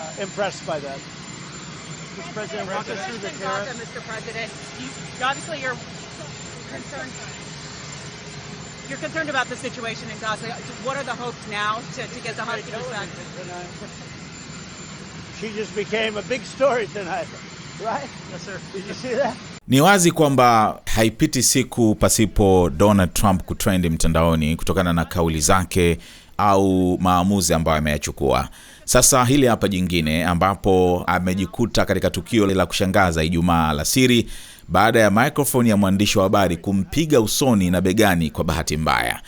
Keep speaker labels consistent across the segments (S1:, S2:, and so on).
S1: uh, impressed by that. Mr. President, walk us through the tariff.
S2: Gaza, Mr. President, you, obviously you're concerned. You're concerned about the situation in Gaza. What are the hopes now to, to get the hostages back?
S1: She just became a big story tonight.
S3: Ni wazi kwamba haipiti siku pasipo Donald Trump kutrendi mtandaoni kutokana na kauli zake au maamuzi ambayo ameyachukua. Sasa hili hapa jingine ambapo amejikuta katika tukio la kushangaza Ijumaa alasiri baada ya mikrofoni ya mwandishi wa habari kumpiga usoni na begani kwa bahati mbaya.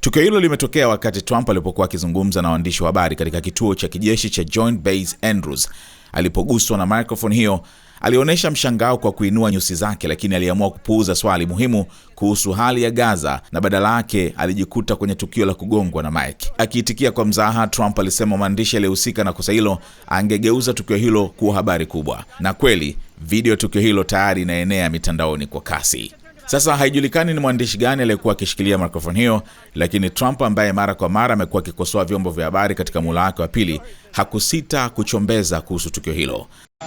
S3: Tukio hilo limetokea wakati Trump alipokuwa akizungumza na waandishi wa habari katika kituo cha kijeshi cha Joint Base Andrews alipoguswa na mikrofoni hiyo Alionyesha mshangao kwa kuinua nyusi zake, lakini aliamua kupuuza swali muhimu kuhusu hali ya Gaza na badala yake alijikuta kwenye tukio la kugongwa na Mike. Akiitikia kwa mzaha, Trump alisema mwandishi aliyehusika na kosa hilo angegeuza tukio hilo kuwa habari kubwa. Na kweli video tukio hilo tayari inaenea mitandaoni kwa kasi. Sasa haijulikani ni mwandishi gani aliyekuwa akishikilia mikrofoni hiyo, lakini Trump ambaye mara kwa mara amekuwa akikosoa vyombo vya habari katika muhula wake wa pili hakusita kuchombeza kuhusu tukio hilo.
S1: Uh,